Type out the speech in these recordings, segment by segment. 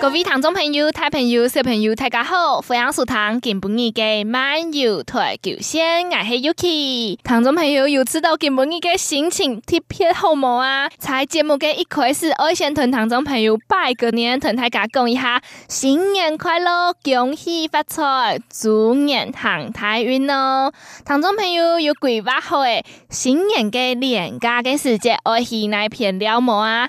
各位聽眾朋友、大朋友、小朋友，大家好！歡迎收聽今日嘅漫遊台九線，我係 Yuki。聽眾朋友有知道今日嘅心情，特別好無啊？在節目的一開始，我先同聽眾朋友拜個年，同大家講一下新年快樂，恭喜發財，豬年行大運哦！聽眾朋友有規劃好誒，新年嘅年假嘅時間，要去邊度玩呀！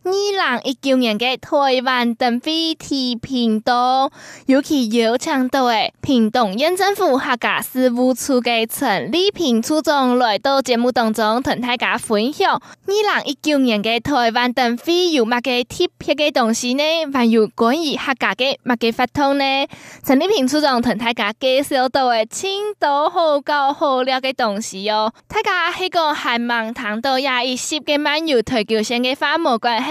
二零一九年的台灣燈會特別多，尤其有請到嘅屏東縣政府客家事務處的陳麗萍處長來到節目當中，同大家分享二零一九年的台灣燈會有乜嘅特別的東西呢？還有關於客家的乜嘅發通呢？陳麗萍處長同大家介紹到的青島好高好料的東西哦，大家喺個漢民糖度廿二十嘅慢油台球上嘅花木棍。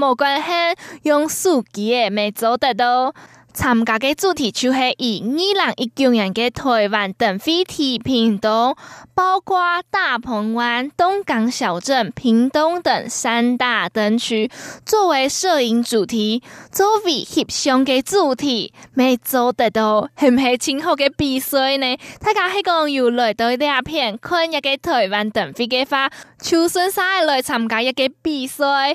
無關係，用手機嘅咪做得到。參加嘅主題就係以二零一九年嘅台灣燈會提品多，包括大鵬灣、東港小鎮、屏東等三大燈區作為攝影主題，作為翕相嘅主題咪做得到？係唔係前後嘅比賽呢？睇下香港有來到一片，看一個台灣燈會嘅花，就算晒嚟參加一個比賽。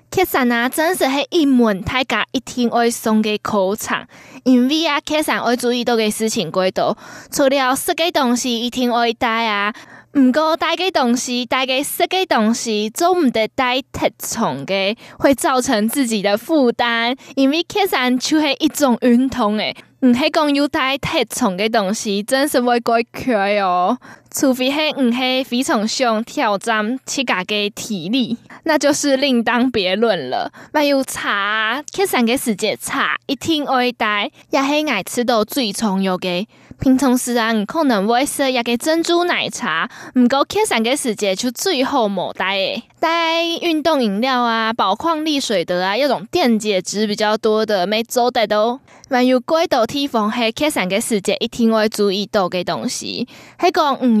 K 三啊，真是係英文太假，一定要送給考場，因為啊，K 三愛注意到個事情鬼多，除了識個東西一定要帶啊，唔過帶個東西，帶個識個東西，總唔得帶太重的，會造成自己的負擔。因為 K 三就是一種運動誒，唔係講有帶太重的東西，真是會過累哦。除非是唔是非常想挑戰自個的體力，那就是另當別論了。還有茶，K 三個世界茶一定會帶，也是愛吃到最重要的。平常時啊，你可能不會說要個珍珠奶茶，不過 K 三個世界就最後沒帶。帶運動飲料啊，寶礦力水的啊，有種電解質比較多的，沒做帶多。還有歸到提防係 K 神嘅世界，一定會注意到的東西，係講唔。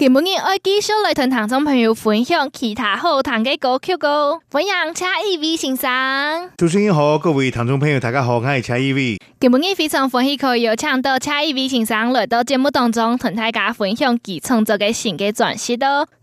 今天我繼續來同聽眾朋友分享其他好聽嘅歌曲哦。分享蔡依薇先生。主持人好，各位聽眾朋友，大家好，我是蔡依薇。今天非常歡喜可以有請到蔡依薇先生來到節目當中，同大家分享佢創作嘅新嘅專輯哦。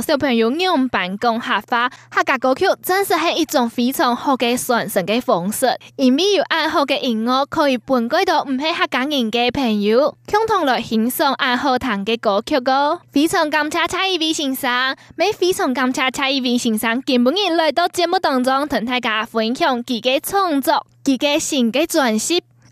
小朋友用辦公下發客家歌曲，真係一種非常好的傳承的方式。因為有愛好嘅音樂，可以陪伴到唔係客家人嘅朋友，共同來欣賞愛好談嘅歌曲歌。非常感謝蔡依林先生，也非常感謝蔡依林先生，今日來到節目當中，同大家分享自家創作、自家新嘅專輯。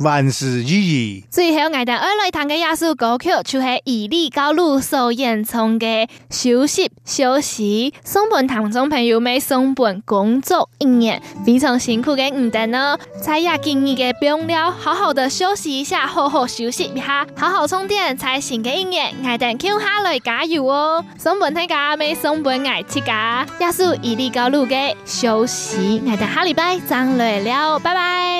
萬事如意。最後，我哋二類堂嘅亞叔歌曲，就係伊里高路所演唱嘅休息休息。松本堂中朋友們松本工作一年非常辛苦嘅，唔得了，在亞建議嘅冰了，好好的休息一下，好好休息一下，好好一下，好好充電，才行嘅一年。我哋 Q 哈來加油哦！松本聽家妹松本艾切家亞叔伊里高路嘅休息，我哋下禮拜，張累了，拜拜。